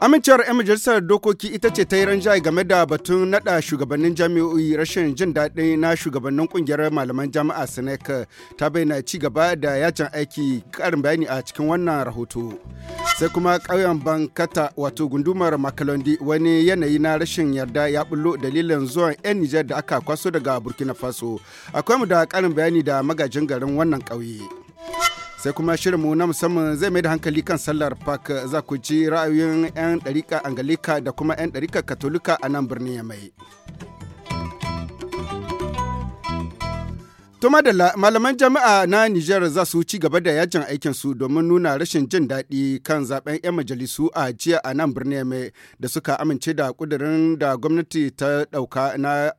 Amincewar 'yan majalisar dokoki ita ce ta yi ranjaye game da batun nada shugabannin jami'o'i rashin jin daɗi na shugabannin kungiyar malaman jami'a Senec ta bayyana ci gaba da yajin aiki karin bayani a cikin wannan rahoto. Sai kuma ƙauyen Bankata wato gundumar Makalondi wani yanayi na rashin yarda ya bullo dalilin zuwan 'yan Nijar da aka kwaso daga Burkina Faso. Akwai mu da ƙarin bayani da magajin garin wannan ƙauye. sai kuma shirinmu na musamman zai mai da hankali kan sallar park za ku ji ra'ayoyin 'yan ɗarika angalika da kuma 'yan ɗarika katolika a nan birnin mai. tuma da malaman jami'a na niger za su ci gaba da yajin aikin su domin nuna rashin jin daɗi kan zaben 'yan majalisu a jiya a nan birnin mai da suka amince da kudirin da gwamnati ta ɗauka na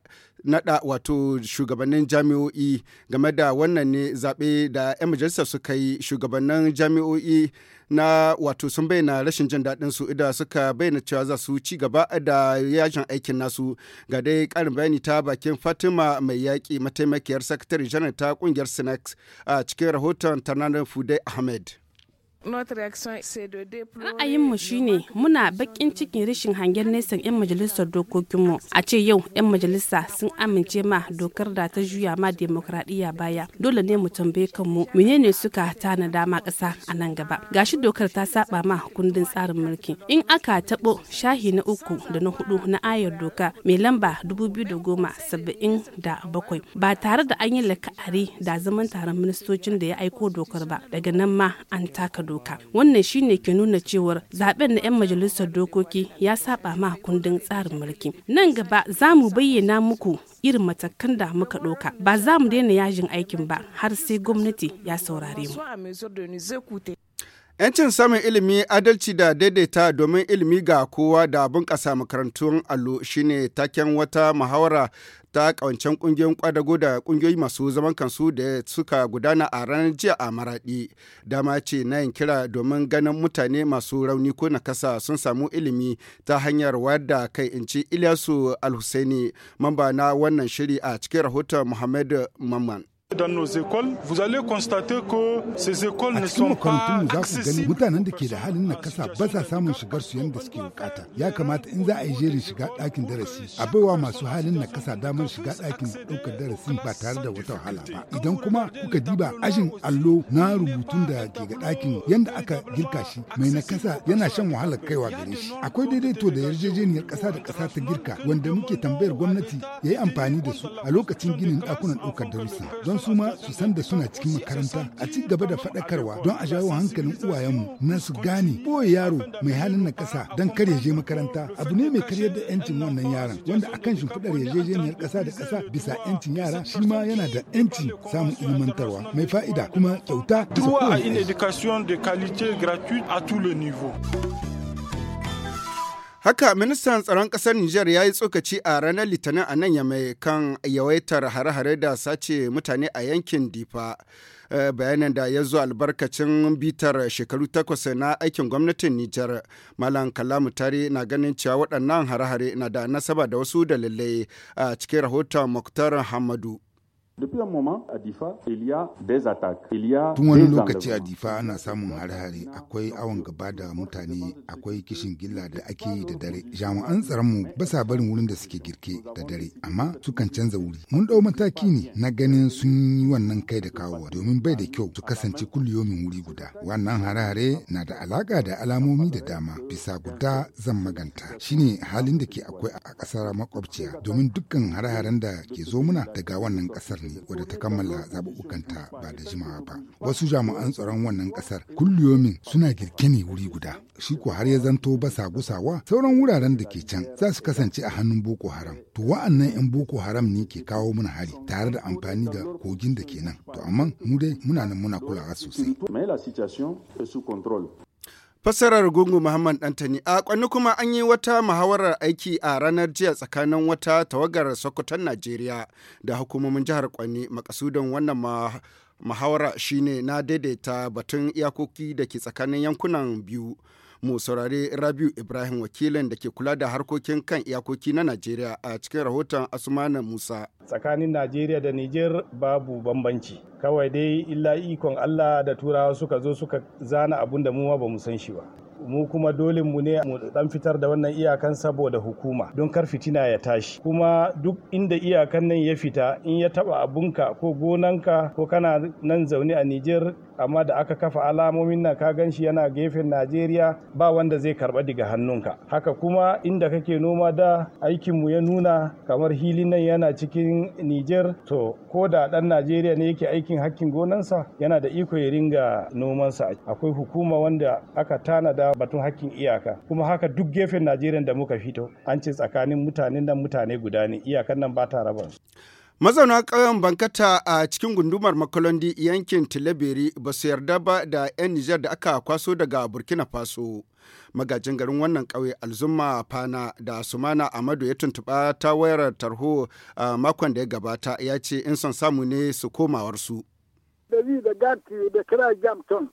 Naɗa wato shugabannin jami'o'i game da wannan ne zaɓe da 'yan majalisar suka yi shugabannin jami'o'i na wato sun bayyana rashin jin daɗin su idan suka bayyana cewa za su ci gaba da yajin aikin nasu ga dai ƙarin bayani ta bakin fatima mai yaƙi mataimakiyar sakatare janar ta ƙungiyar sinex a cikin rahoton tarnanar fude ahmed Ra'ayinmu shine muna bakin cikin rashin hangen nesan 'yan majalisar dokokinmu. A ce yau 'yan majalisa sun amince ma dokar da ta juya ma demokradiyya baya. Dole ne mu tambaye kanmu menene suka tana dama ƙasa a nan gaba. Gashi dokar ta saba ma kundin tsarin mulki. In aka tabo shahi na uku da na hudu na ayar doka mai lamba goma saba'in da bakwai ba tare da an yi la'akari da zaman taron ministocin da ya aiko dokar ba daga nan ma an taka doka. doka wannan shine ke nuna cewar zaben na 'yan majalisar dokoki ya saba ma kundin tsarin mulki nan gaba za mu bayyana muku irin matakan da muka doka ba za mu daina yajin aikin ba har sai gwamnati ya saurare mu 'Yancin samun ilimi, adalci da daidaita domin ilimi ga kowa da bunƙasa makarantun allo shine taken wata muhawara ta kawancen kungiyoyin kwadago da kungiyoyi masu zaman kansu da suka gudana a ranar jiya a maraɗi dama ce na yin kira domin ganin mutane masu rauni ko nakasa sun samu ilimi ta hanyar wadda kai in ci ilyasu alhusaini mamba na wannan shiri a cikin rahoton muhammadu mamman Dans nos écoles, vous allez constater que ces écoles ne sont pas accessibles. mutanen da ke da halin na kasa ba sa samun shigar su yadda suke bukata. Ya kamata in za a yi jerin shiga ɗakin darasi, a baiwa masu halin na kasa damar shiga ɗakin ɗaukar darasi ba tare da wata wahala ba. Idan kuma kuka diba ajin allo na rubutun da ke ga ɗakin yadda aka girka shi mai na kasa yana shan wahalar kaiwa gare shi. Akwai daidaito da yarjejeniyar ƙasa da ƙasa ta girka wanda muke tambayar gwamnati ya yi amfani da su a lokacin ginin ɗakunan ɗaukar darasi don wasu su ma su san da suna cikin makaranta a ci gaba da faɗakarwa don a jawo hankalin uwayenmu na su gane boye yaro mai halin na ƙasa don kar je makaranta abu ne mai karyar da yancin wannan yaran. wanda akan shimfiɗar yarjejeniyar ƙasa da kasa bisa yancin yara shi ma yana da yanci samun ilimantarwa mai fa'ida kuma kyauta. da à de qualité gratuite à tous les niveaux. Haka ministan tsaron ƙasar Nijar ya yi tsokaci a ranar Litinin a nan mai kan yawaitar hare-hare da sace mutane a yankin Difa. Eh, bayanin da ya zo albarkacin bitar shekaru takwas na aikin gwamnatin Nijar. Malam Kalamu Tare na ganin cewa waɗannan hare-hare na da nasaba da wasu dalilai a cikin rahoton Muktar Hamadu. Tun wani lokaci a Difa ana samun hare-hare akwai awon gaba da mutane akwai kishin gilla da ake yi da dare. Jami'an tsaronmu ba sa barin wurin da suke girke da dare amma sukan canza wuri. Mun ɗau mataki ne na ganin sun yi wannan kai da kawowa domin bai da kyau su kasance kulliyomin wuri guda. Wannan hare-hare na da alaƙa da alamomi da dama bisa guda zan maganta. Shine halin da ke akwai a ƙasar makwabciya domin dukkan hare-haren da ke zo muna daga wannan ƙasar Conakry wadda ta kammala zaɓuɓɓukanta ba da jimawa ba. Wasu jami'an tsaron wannan ƙasar kulliyomin suna girke ne wuri guda. Shi ko har ya zanto ba basa gusawa sauran wuraren da ke can za su kasance a hannun Boko Haram. To wa'annan 'yan Boko Haram ne ke kawo mana hari tare da amfani da kogin da ke nan. To amma mu dai muna nan muna kulawa sosai. Fassarar Gungu Muhammad Dantani a kwanni kuma an yi wata muhawarar aiki a ranar jiya tsakanin wata tawagar Sokoton Najeriya da hukumomin jihar Kwanni makasudan wannan ma muhawara shine na daidaita batun iyakoki da ke tsakanin yankunan biyu mu saurari Rabiu Ibrahim wakilin da ke kula da harkokin kan iyakoki na Najeriya a cikin rahoton Asumana Musa. Tsakanin Najeriya da Niger babu bambanci. Kawai dai illa ikon Allah da Turawa suka zo suka zana abun da mu ba mu san shi ba. mu kuma dole mu ne mu dan fitar da wannan iyakan saboda hukuma don kar fitina ya tashi kuma duk inda iyakan nan ya fita in ya taba abunka ko gonanka ko kana nan zaune a Niger amma da aka kafa alamomin nan ka gan shi yana gefen Najeriya ba wanda zai karba daga hannunka haka kuma inda kake noma da aikin mu ya nuna kamar hilin nan yana cikin Niger to ko da dan Najeriya ne yake aikin hakkin gonansa yana da iko ya ringa nomansa akwai hukuma wanda aka tanada batun hakkin iyaka kuma haka duk gefen najeriya da muka fito an ce tsakanin mutanen nan mutane guda ne iyakan nan ba ta raba mazauna ƙauyen bankata a cikin gundumar makolondi yankin tilabiri ba su yarda ba da 'yan nijar da aka kwaso daga burkina faso magajin garin wannan ƙauye alzumma fana da sumana amadu ya tuntuba ta wayar tarho a makon da ya gabata ya ce in son samu ne su komawarsu.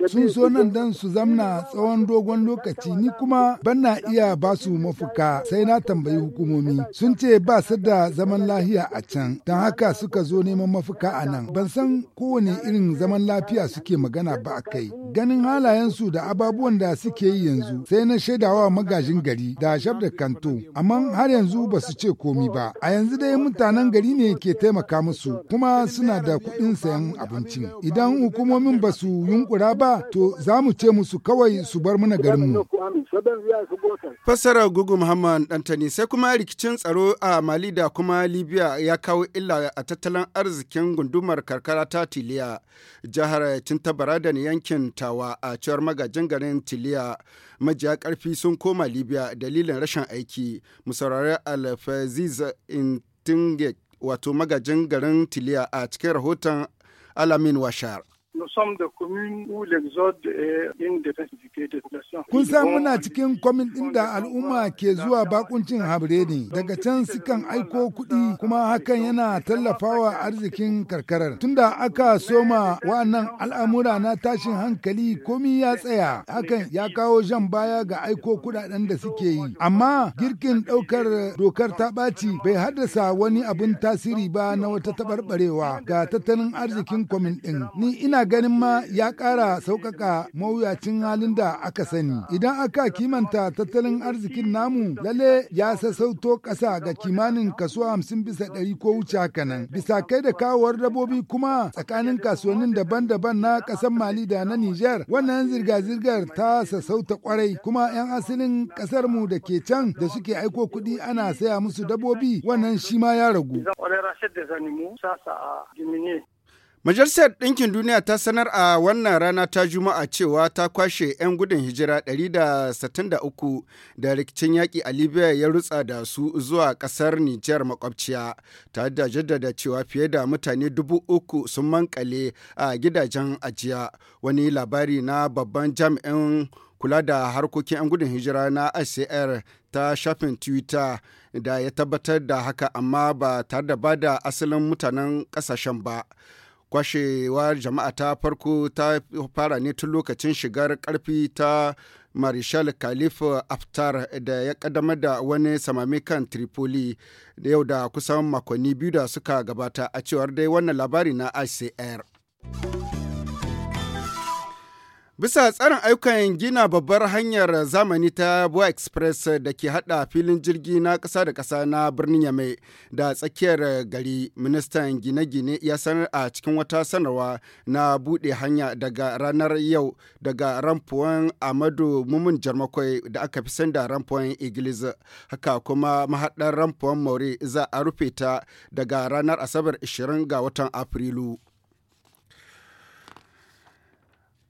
Sun so nan dan su zamna tsawon dogon lokaci ni kuma bana iya ba su mafuka sai na tambayi hukumomi. Sun ce ba su da zaman lafiya a can, don haka suka zo neman mafuka a nan. Ban san kowane irin zaman lafiya suke magana ba a kai. Ganin halayensu da ababuwan da suke yi yanzu sai na shaidawa magajin gari da shaf da kanto, amma har yanzu ba su ce komi ba. A yanzu dai mutanen gari ne ke taimaka musu kuma suna da kuɗin sayan abincin. idan hukumomin ba su yunkura ba to za mu ce musu kawai su bar mana garinmu. Fassara Gugu Muhammad Dantani sai kuma rikicin tsaro a Mali da kuma Libya ya kawo illa a tattalin arzikin gundumar karkara ta Tiliya. Jihar Tintabara da yankin Tawa a cewar magajin garin Tiliya majiya karfi sun koma Libya dalilin rashin aiki. Mu saurari Alfaziz Intingek wato magajin garin Tiliya a cikin rahoton على وشار Nous sommes des communes où l'exode est une des principales de Kun san muna cikin kwamin ɗin da al'umma ke zuwa bakuncin habre ne. Daga can sukan aiko kuɗi kuma hakan yana tallafawa arzikin karkarar. Tunda aka soma wa'annan al'amura na tashin hankali komi ya tsaya. Hakan ya kawo jan baya ga aiko kuɗaɗen da suke yi. Amma girkin ɗaukar dokar ta ɓaci bai haddasa wani abin tasiri ba na wata taɓarɓarewa ga tattalin arzikin kwamin ɗin. Ni ina ganin ma ya ƙara sauƙaƙa mawuyacin halin da aka sani. Idan aka kimanta tattalin arzikin namu lalle ya sassauto ƙasa ga kimanin kaso hamsin bisa ɗari ko wuce haka nan. Bisa kai da kawowar dabobi kuma tsakanin kasuwannin daban-daban na ƙasar Mali da na Nijar wannan zirga-zirgar ta sassauta kwarai kuma 'yan asalin ƙasar mu da ke can da suke aiko kuɗi ana saya musu dabobi wannan shi ma ya ragu. Majalisar Ɗinkin Duniya ta sanar a wannan rana ta Juma'a cewa ta kwashe 'yan gudun hijira 163 da rikicin yaƙi a Libya ya rutsa da su zuwa ƙasar Nijar makwabciya, ta da jaddada cewa fiye da mutane dubu uku sun mankale a gidajen ajiya. Wani labari na babban jami'in kula da harkokin 'yan gudun hijira na ICR ta shafin Twitter da ya tabbatar da haka amma ba tare da bada asalin mutanen ƙasashen ba. Kwashewar jama'a ta farko ta fara ne tun lokacin shigar karfi ta Marishal Khalif Aftar da ya kaddamar da wani samami kan Tripoli da yau da kusan makonni biyu da suka gabata a cewar dai wannan labari na ICR. Bisa tsarin ayyukan gina babbar hanyar zamani ta Bo Express da ke hada filin jirgi na kasa da kasa na birnin Yame da tsakiyar gari, ministan gine-gine ya sanar a cikin wata sanarwa na buɗe hanya daga ranar yau daga ramfuwan Amadu Mumun Jarmakwai da aka fi sanda ramfuwan igilis Haka kuma mahaɗar ramfuwan Maure za a rufe ta daga ranar Asabar 20 ga watan Afrilu.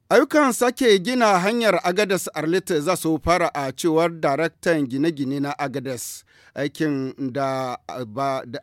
Ayyukan sake gina hanyar Agadas Arlit za su fara a cewar daraktan gine-gine na Agadas. Aikin da,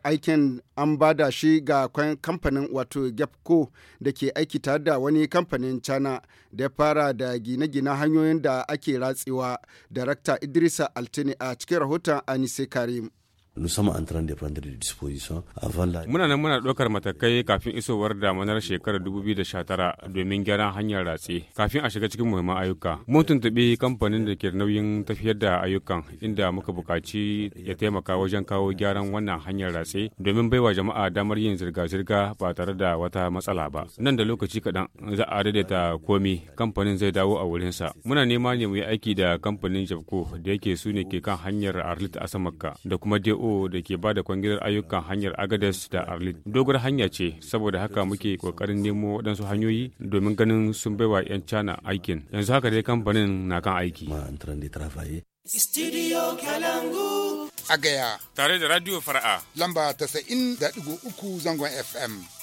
aikin an bada shi ga kamfanin wato ko da ke aiki tare da wani kamfanin China da ya fara da gine-gine hanyoyin da ake ratsewa. Darakta Idrisa Altini a cikin rahoton Anise Karim. nous sommes en train de prendre des dispositions avant la muna nan muna ɗaukar matakai kafin isowar damanar shekarar 2019 domin gyaran hanyar ratse kafin a shiga cikin muhimman ayyuka mun tuntuɓi kamfanin da ke nauyin tafiyar da ayyukan inda muka buƙaci ya taimaka wajen kawo gyaran wannan hanyar ratse domin baiwa jama'a damar yin zirga-zirga ba tare da wata matsala ba nan da lokaci kaɗan za a daidaita komi kamfanin zai dawo a wurinsa muna nema ne mu yi aiki da kamfanin jabko da yake su ne ke kan hanyar arlit a asamakka da kuma do NGO da ke ba da kwangilar ayyukan hanyar Agades da Arlit. Dogar hanya ce saboda haka muke kokarin nemo waɗansu hanyoyi domin ganin sun baiwa 'yan China aikin. Yanzu haka dai kamfanin na kan aiki. Studio a gaya. Tare da Radio Fara'a. Lamba 90.3 zangon FM.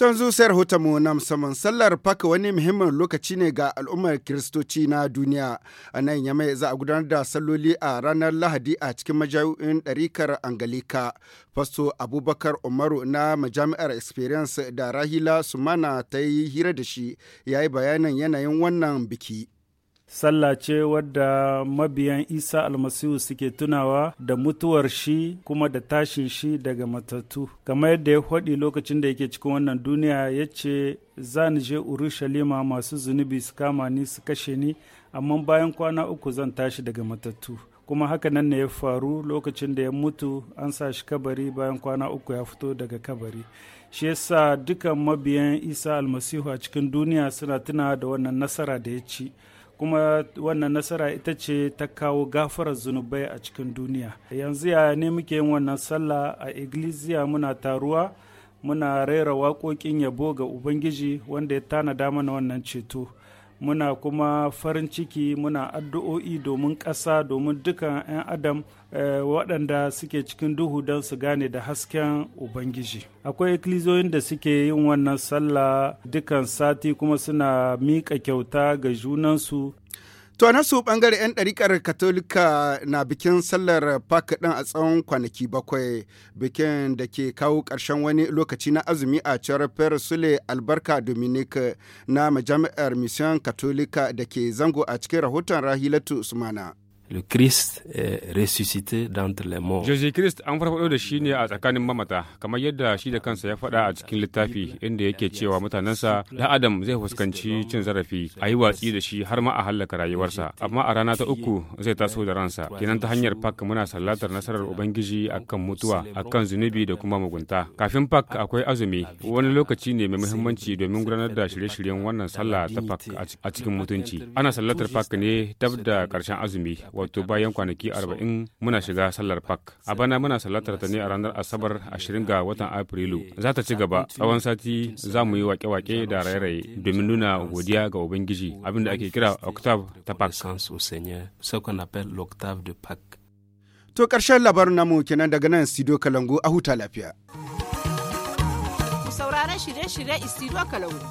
Tun zuciyar mu na musamman sallar faka wani muhimmin lokaci ne ga al'ummar kiristoci na duniya. A nan yamai za a gudanar da salloli a ranar Lahadi a cikin majami'in ɗarikar Angalika. Fasto Abubakar Umaru na majami'ar Experience da Rahila Sumana ta yi hira da shi ya yi bayanin yanayin wannan biki. sallah ce wadda mabiyan isa almasihu suke tunawa da mutuwar shi kuma da tashin shi daga matattu kamar yadda ya faɗi lokacin da yake cikin wannan duniya ya ce za ni je urushalima masu zunubi su kama ni su kashe ni amma bayan kwana uku zan tashi daga matattu kuma haka nan ne ya faru lokacin da ya mutu an sa shi kabari bayan kwana uku ya fito daga kabari shi yasa dukan mabiyan isa almasihu a cikin duniya suna tunawa da wannan nasara da ya ci kuma wannan nasara ita ce ta kawo gafarar zunubai a cikin duniya yanzu ya ne muke yin wannan sallah a iglesia muna taruwa muna rera waƙoƙin yabo ga ubangiji wanda ya tanada mana wannan ceto muna kuma farin ciki muna addu'o'i domin ƙasa domin dukan 'yan adam eh, waɗanda suke cikin duhu don su gane da hasken ubangiji akwai ikilizoyin da suke yin wannan sallah dukan sati kuma suna mika kyauta ga junansu To na su bangare 'yan ɗarikar Katolika na bikin sallar Pak ɗin a tsawon kwanaki bakwai bikin da ke kawo ƙarshen wani lokaci na azumi a Charper Sule Albarka Dominic na majami'ar Mission Katolika da ke zango a cikin rahoton Rahilatu Usmana. le Christ est ressuscité d'entre les morts. Jésus Christ an farfado da shi ne a tsakanin mamata, kamar yadda shi da kansa ya faɗa a cikin littafi inda yake cewa mutanensa da Adam zai fuskanci cin zarafi, a yi watsi da shi har ma a hallaka rayuwarsa, amma a rana ta uku zai taso da ransa. Kenan ta hanyar Pak muna sallatar nasarar Ubangiji akan mutuwa, akan zunubi da kuma mugunta. Kafin Pak akwai azumi, wani lokaci ne mai muhimmanci domin gudanar da shirye-shiryen wannan sallah ta Pak a cikin mutunci. Ana sallatar Pak ne tab da ƙarshen azumi, wato bayan kwanaki arba'in muna shiga sallar pak a bana muna sallatar ta ne a ranar asabar ashirin ga watan afrilu za ta ci gaba tsawon sati za mu yi wake-wake da raye-raye domin nuna godiya ga ubangiji da ake kira octave ta pak to karshen labarin namu kenan daga nan studio kalangu a huta lafiya sauraron shirye-shirye istiro kalangu